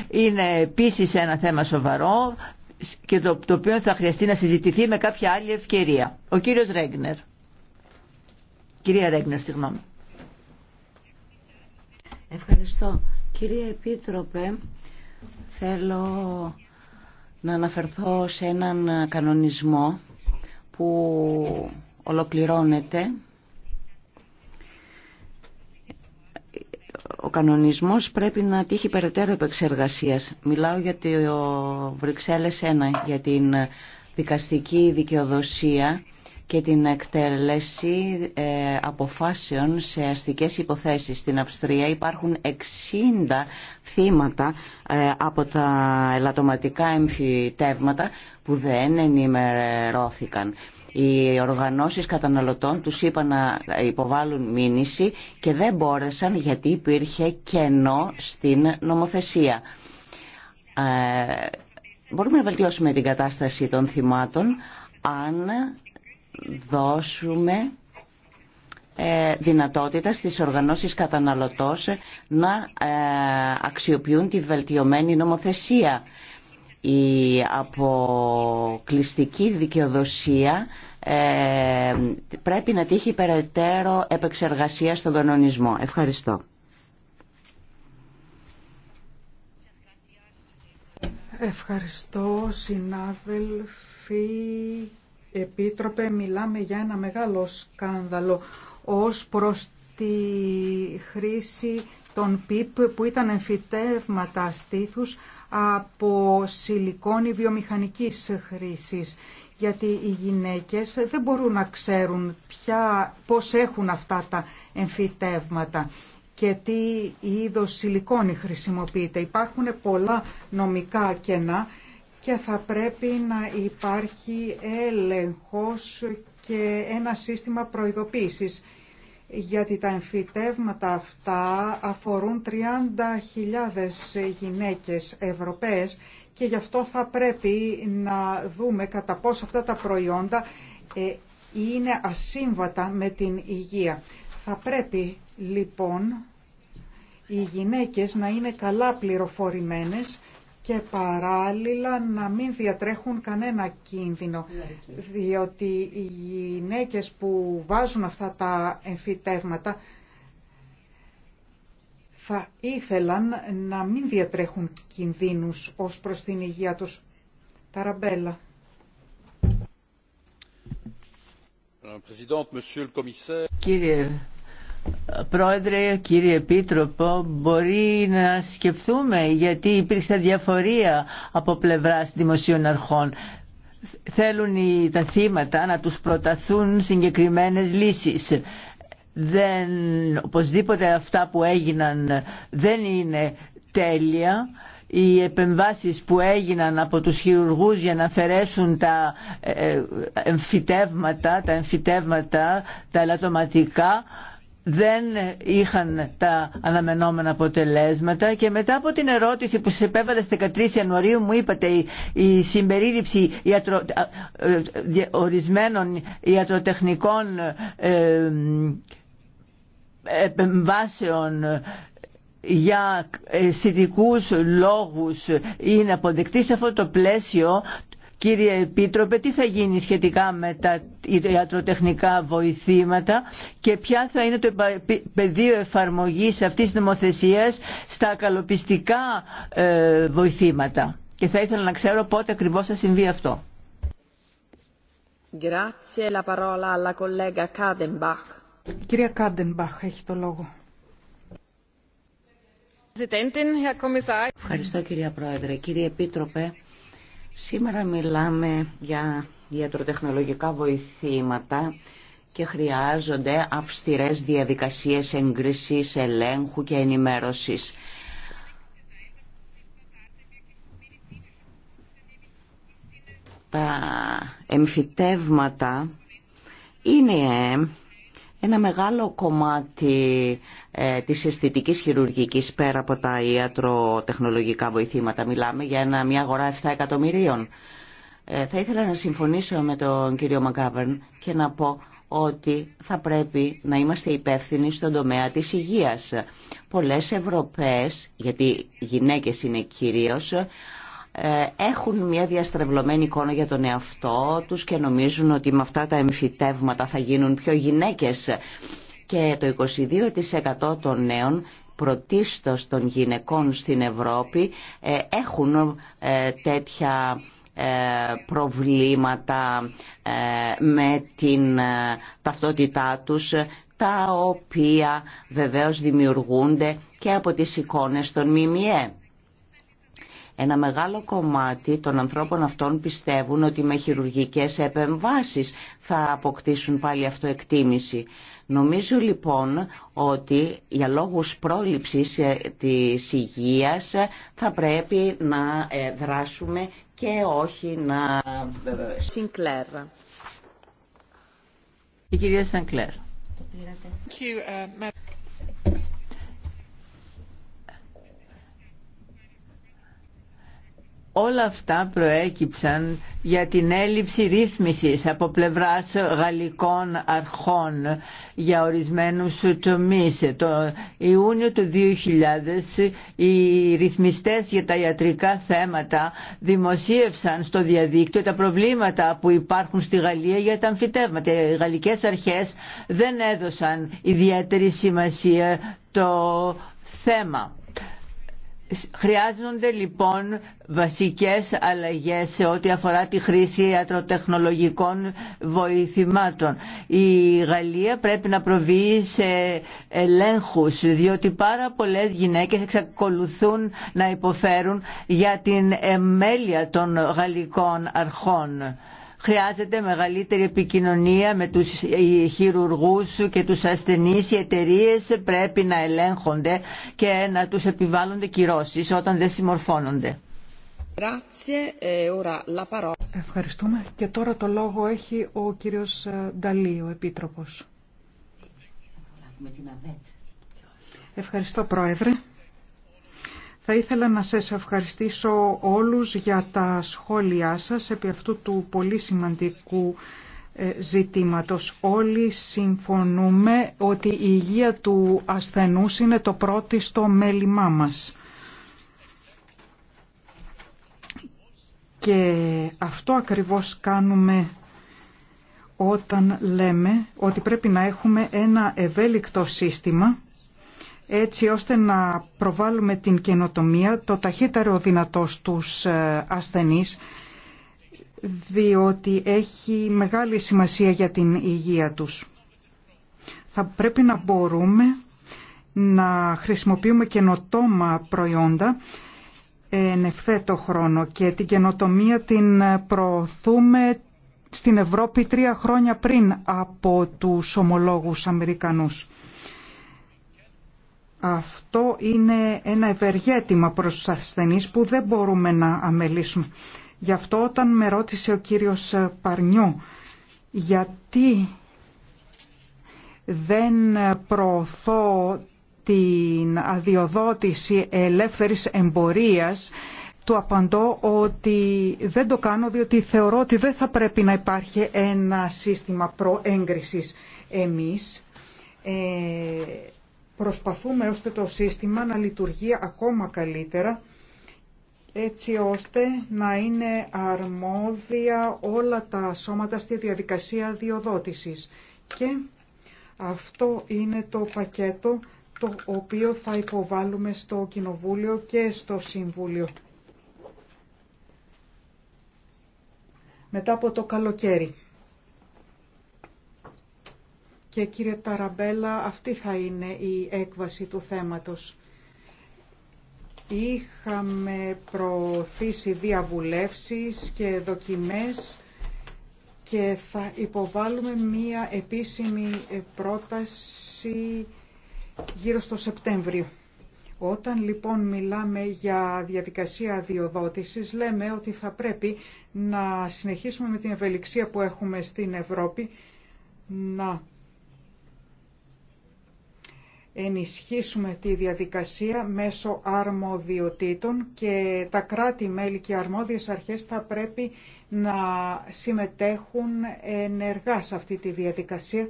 είναι επίσης ένα θέμα σοβαρό και το, το οποίο θα χρειαστεί να συζητηθεί με κάποια άλλη ευκαιρία. Ο κύριος Ρέγνερ. Κυρία Ρέγνερ, συγγνώμη. Ευχαριστώ. Κυρία Επίτροπε, θέλω να αναφερθώ σε έναν κανονισμό που ολοκληρώνεται ο κανονισμός πρέπει να τύχει περαιτέρω επεξεργασίας. Μιλάω για το Βρυξέλλες 1, για την δικαστική δικαιοδοσία και την εκτέλεση ε, αποφάσεων σε αστικές υποθέσεις. Στην Αυστρία υπάρχουν 60 θύματα ε, από τα ελαττωματικά εμφυτεύματα που δεν ενημερώθηκαν. Οι οργανώσεις καταναλωτών τους είπαν να υποβάλουν μήνυση και δεν μπόρεσαν γιατί υπήρχε κενό στην νομοθεσία. Ε, μπορούμε να βελτιώσουμε την κατάσταση των θυμάτων αν δώσουμε ε, δυνατότητα στις οργανώσεις καταναλωτών να ε, αξιοποιούν τη βελτιωμένη νομοθεσία. Η αποκλειστική δικαιοδοσία ε, πρέπει να τύχει περαιτέρω επεξεργασία στον κανονισμό. Ευχαριστώ. Ευχαριστώ συνάδελφοι. Επίτροπε, μιλάμε για ένα μεγάλο σκάνδαλο ως προς τη χρήση των ΠΙΠ που ήταν εμφυτεύματα στήθους από σιλικόνη βιομηχανικής χρήσης γιατί οι γυναίκες δεν μπορούν να ξέρουν ποια, πώς έχουν αυτά τα εμφυτεύματα και τι είδος σιλικόνη χρησιμοποιείται. Υπάρχουν πολλά νομικά κενά και θα πρέπει να υπάρχει έλεγχος και ένα σύστημα προειδοποίησης γιατί τα εμφυτεύματα αυτά αφορούν 30.000 γυναίκες Ευρωπαίες και γι' αυτό θα πρέπει να δούμε κατά πόσο αυτά τα προϊόντα ε, είναι ασύμβατα με την υγεία. Θα πρέπει λοιπόν οι γυναίκες να είναι καλά πληροφορημένες και παράλληλα να μην διατρέχουν κανένα κίνδυνο. Διότι οι γυναίκες που βάζουν αυτά τα εμφυτεύματα θα ήθελαν να μην διατρέχουν κινδύνους ως προς την υγεία τους. Ταραμπέλα. Κύριε Πρόεδρε, κύριε Επίτροπο, μπορεί να σκεφτούμε γιατί υπήρξε διαφορία από πλευράς δημοσίων αρχών. Θέλουν τα θύματα να τους προταθούν συγκεκριμένες λύσεις. Δεν, οπωσδήποτε αυτά που έγιναν δεν είναι τέλεια. Οι επεμβάσεις που έγιναν από τους χειρουργούς για να αφαιρέσουν τα ε, ε, εμφυτεύματα, τα εμφυτεύματα, τα ελαττωματικά, δεν είχαν τα αναμενόμενα αποτελέσματα και μετά από την ερώτηση που σας επέβαλε στις 13 Ιανουαρίου μου είπατε η, συμπερίληψη ιατρο, ε, ορισμένων ιατροτεχνικών επεμβάσεων για αισθητικούς λόγους είναι αποδεκτή σε αυτό το πλαίσιο Κύριε Επίτροπε, τι θα γίνει σχετικά με τα ιατροτεχνικά βοηθήματα και ποια θα είναι το πεδίο εφαρμογής αυτής της νομοθεσίας στα καλοπιστικά ε, βοηθήματα. Και θα ήθελα να ξέρω πότε ακριβώς θα συμβεί αυτό. Κυρία Κάντεμπαχ, έχει το λόγο. Ευχαριστώ κυρία Πρόεδρε. Κύριε Επίτροπε, Σήμερα μιλάμε για ιατροτεχνολογικά βοηθήματα και χρειάζονται αυστηρές διαδικασίες εγκρισής, ελέγχου και ενημέρωσης. Τα εμφυτεύματα είναι ένα μεγάλο κομμάτι ε, της αισθητική χειρουργικής πέρα από τα ιατροτεχνολογικά βοηθήματα. Μιλάμε για ένα, μια αγορά 7 εκατομμυρίων. Ε, θα ήθελα να συμφωνήσω με τον κύριο Μακάβερν και να πω ότι θα πρέπει να είμαστε υπεύθυνοι στον τομέα της υγείας. Πολλές Ευρωπαίες, γιατί γυναίκες είναι κυρίως, ε, έχουν μια διαστρεβλωμένη εικόνα για τον εαυτό τους και νομίζουν ότι με αυτά τα εμφυτεύματα θα γίνουν πιο γυναίκες. Και το 22% των νέων πρωτίστως των γυναικών στην Ευρώπη ε, έχουν ε, τέτοια προβλήματα με την ταυτότητά τους τα οποία βεβαίως δημιουργούνται και από τις εικόνες των ΜΜΕ. Ένα μεγάλο κομμάτι των ανθρώπων αυτών πιστεύουν ότι με χειρουργικές επεμβάσεις θα αποκτήσουν πάλι αυτοεκτίμηση. Νομίζω λοιπόν ότι για λόγους πρόληψης ε, της υγείας ε, θα πρέπει να ε, δράσουμε και όχι να... Σινκλέρ. Η κυρία Σανκλέρ. Όλα αυτά προέκυψαν για την έλλειψη ρύθμισης από πλευράς γαλλικών αρχών για ορισμένους τομείς. Το Ιούνιο του 2000 οι ρυθμιστές για τα ιατρικά θέματα δημοσίευσαν στο διαδίκτυο τα προβλήματα που υπάρχουν στη Γαλλία για τα αμφιτεύματα. Οι γαλλικές αρχές δεν έδωσαν ιδιαίτερη σημασία το θέμα. Χρειάζονται λοιπόν βασικές αλλαγές σε ό,τι αφορά τη χρήση ιατροτεχνολογικών βοηθημάτων. Η Γαλλία πρέπει να προβεί σε ελέγχους, διότι πάρα πολλές γυναίκες εξακολουθούν να υποφέρουν για την εμέλεια των γαλλικών αρχών Χρειάζεται μεγαλύτερη επικοινωνία με τους χειρουργούς και τους ασθενείς. Οι εταιρείε πρέπει να ελέγχονται και να τους επιβάλλονται κυρώσεις όταν δεν συμμορφώνονται. Ε, Ευχαριστούμε. Και τώρα το λόγο έχει ο κύριος ε, Νταλή, ο Επίτροπος. Ευχαριστώ, Πρόεδρε. Θα ήθελα να σας ευχαριστήσω όλους για τα σχόλιά σας επί αυτού του πολύ σημαντικού ε, ζητήματος. Όλοι συμφωνούμε ότι η υγεία του ασθενούς είναι το πρώτο στο μέλημά μας. Και αυτό ακριβώς κάνουμε όταν λέμε ότι πρέπει να έχουμε ένα ευέλικτο σύστημα έτσι ώστε να προβάλλουμε την καινοτομία το ταχύτερο δυνατό στους ε, ασθενείς διότι έχει μεγάλη σημασία για την υγεία τους. Θα πρέπει να μπορούμε να χρησιμοποιούμε καινοτόμα προϊόντα εν ευθέτω χρόνο και την καινοτομία την προωθούμε στην Ευρώπη τρία χρόνια πριν από τους ομολόγους Αμερικανούς. Αυτό είναι ένα ευεργέτημα προς τους ασθενείς που δεν μπορούμε να αμελήσουμε. Γι' αυτό όταν με ρώτησε ο κύριος Παρνιό γιατί δεν προωθώ την αδειοδότηση ελεύθερης εμπορίας του απαντώ ότι δεν το κάνω διότι θεωρώ ότι δεν θα πρέπει να υπάρχει ένα σύστημα προέγκρισης εμείς. Ε, Προσπαθούμε ώστε το σύστημα να λειτουργεί ακόμα καλύτερα έτσι ώστε να είναι αρμόδια όλα τα σώματα στη διαδικασία διοδότησης. Και αυτό είναι το πακέτο το οποίο θα υποβάλουμε στο Κοινοβούλιο και στο Συμβούλιο. Μετά από το καλοκαίρι. Και κύριε Ταραμπέλα, αυτή θα είναι η έκβαση του θέματος. Είχαμε προωθήσει διαβουλεύσεις και δοκιμές και θα υποβάλουμε μία επίσημη πρόταση γύρω στο Σεπτέμβριο. Όταν λοιπόν μιλάμε για διαδικασία αδειοδότησης, λέμε ότι θα πρέπει να συνεχίσουμε με την ευελιξία που έχουμε στην Ευρώπη, να ενισχύσουμε τη διαδικασία μέσω αρμοδιοτήτων και τα κράτη-μέλη και οι αρμόδιες αρχές θα πρέπει να συμμετέχουν ενεργά σε αυτή τη διαδικασία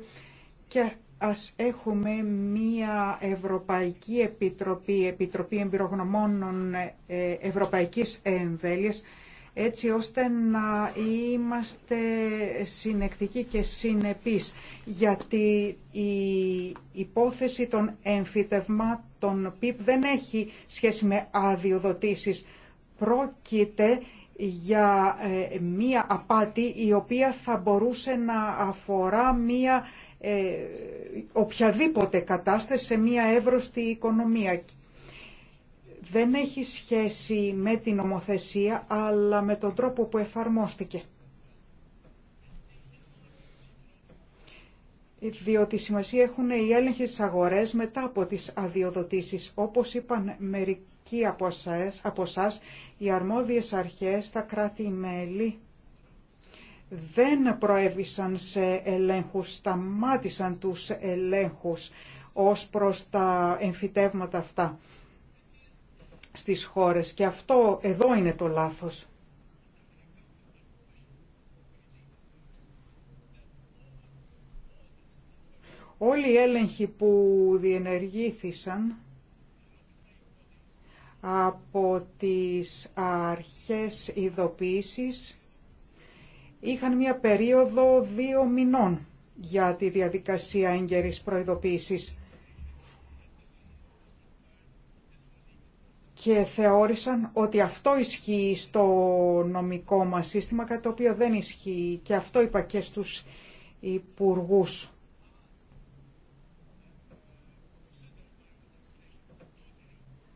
και ας έχουμε μία Ευρωπαϊκή Επιτροπή, Επιτροπή Εμπειρογνωμόνων ε, Ευρωπαϊκής Εμβέλειας, έτσι ώστε να είμαστε συνεκτικοί και συνεπείς, γιατί η υπόθεση των εμφυτευμάτων ΠΙΠ δεν έχει σχέση με αδειοδοτήσεις. Πρόκειται για ε, μία απάτη η οποία θα μπορούσε να αφορά μία ε, οποιαδήποτε κατάσταση σε μία εύρωστη οικονομία δεν έχει σχέση με την νομοθεσία, αλλά με τον τρόπο που εφαρμόστηκε. Διότι σημασία έχουν οι έλεγχοι στις αγορές μετά από τις αδειοδοτήσεις. Όπως είπαν μερικοί από εσά, οι αρμόδιες αρχές, τα κράτη-μέλη, δεν προέβησαν σε ελέγχους, σταμάτησαν τους ελέγχους ως προς τα εμφυτεύματα αυτά στις χώρες και αυτό εδώ είναι το λάθος. Όλοι οι έλεγχοι που διενεργήθησαν από τις αρχές ειδοποίησης είχαν μία περίοδο δύο μηνών για τη διαδικασία έγκαιρης προειδοποίησης. και θεώρησαν ότι αυτό ισχύει στο νομικό μας σύστημα, κάτι το οποίο δεν ισχύει και αυτό είπα και στους υπουργούς.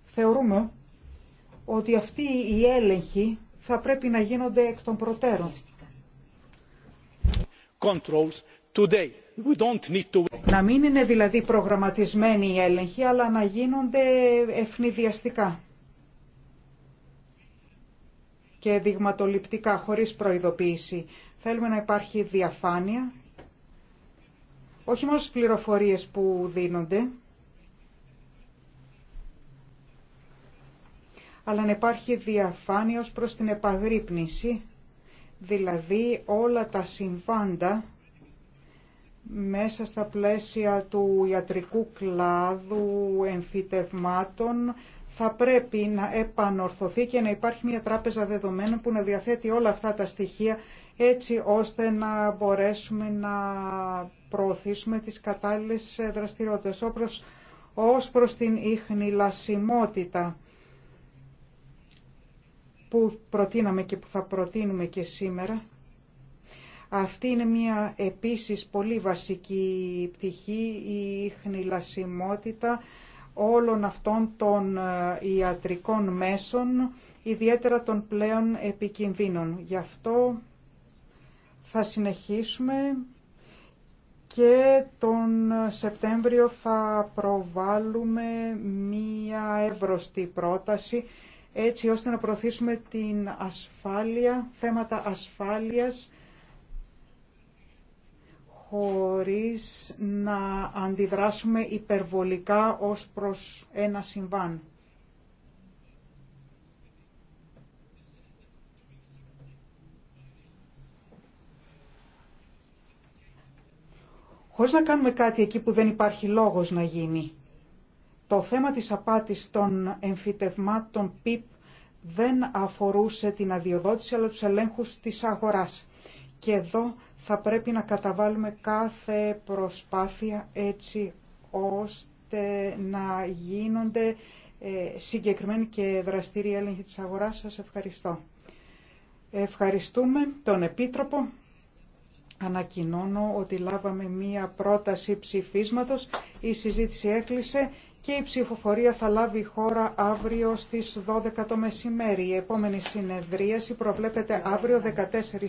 Θεωρούμε ότι αυτοί οι έλεγχοι θα πρέπει να γίνονται εκ των προτέρων. Controls today. We Να μην είναι δηλαδή προγραμματισμένοι οι έλεγχοι, αλλά να γίνονται ευνηδιαστικά και δειγματοληπτικά, χωρίς προειδοποίηση. Θέλουμε να υπάρχει διαφάνεια, όχι μόνο στις πληροφορίες που δίνονται, αλλά να υπάρχει διαφάνεια ως προς την επαγρύπνηση, δηλαδή όλα τα συμβάντα μέσα στα πλαίσια του ιατρικού κλάδου εμφυτευμάτων, θα πρέπει να επανορθωθεί και να υπάρχει μια τράπεζα δεδομένων που να διαθέτει όλα αυτά τα στοιχεία έτσι ώστε να μπορέσουμε να προωθήσουμε τις κατάλληλες δραστηριότητες όπως ως προς την ίχνη λασιμότητα που προτείναμε και που θα προτείνουμε και σήμερα. Αυτή είναι μια επίσης πολύ βασική πτυχή, η ίχνη λασιμότητα όλων αυτών των ε, ιατρικών μέσων, ιδιαίτερα των πλέον επικινδύνων. Γι' αυτό θα συνεχίσουμε και τον Σεπτέμβριο θα προβάλλουμε μία εύρωστη πρόταση έτσι ώστε να προωθήσουμε την ασφάλεια, θέματα ασφάλειας χωρίς να αντιδράσουμε υπερβολικά ως προς ένα συμβάν. Χωρίς να κάνουμε κάτι εκεί που δεν υπάρχει λόγος να γίνει. Το θέμα της απάτης των εμφυτευμάτων PIP δεν αφορούσε την αδειοδότηση αλλά τους ελέγχους της αγοράς. Και εδώ θα πρέπει να καταβάλουμε κάθε προσπάθεια έτσι ώστε να γίνονται ε, συγκεκριμένοι και δραστήριοι έλεγχοι της αγοράς. Σας ευχαριστώ. Ευχαριστούμε τον Επίτροπο. Ανακοινώνω ότι λάβαμε μία πρόταση ψηφίσματος. Η συζήτηση έκλεισε και η ψηφοφορία θα λάβει χώρα αύριο στις 12 το μεσημέρι. Η επόμενη συνεδρίαση προβλέπεται αύριο 14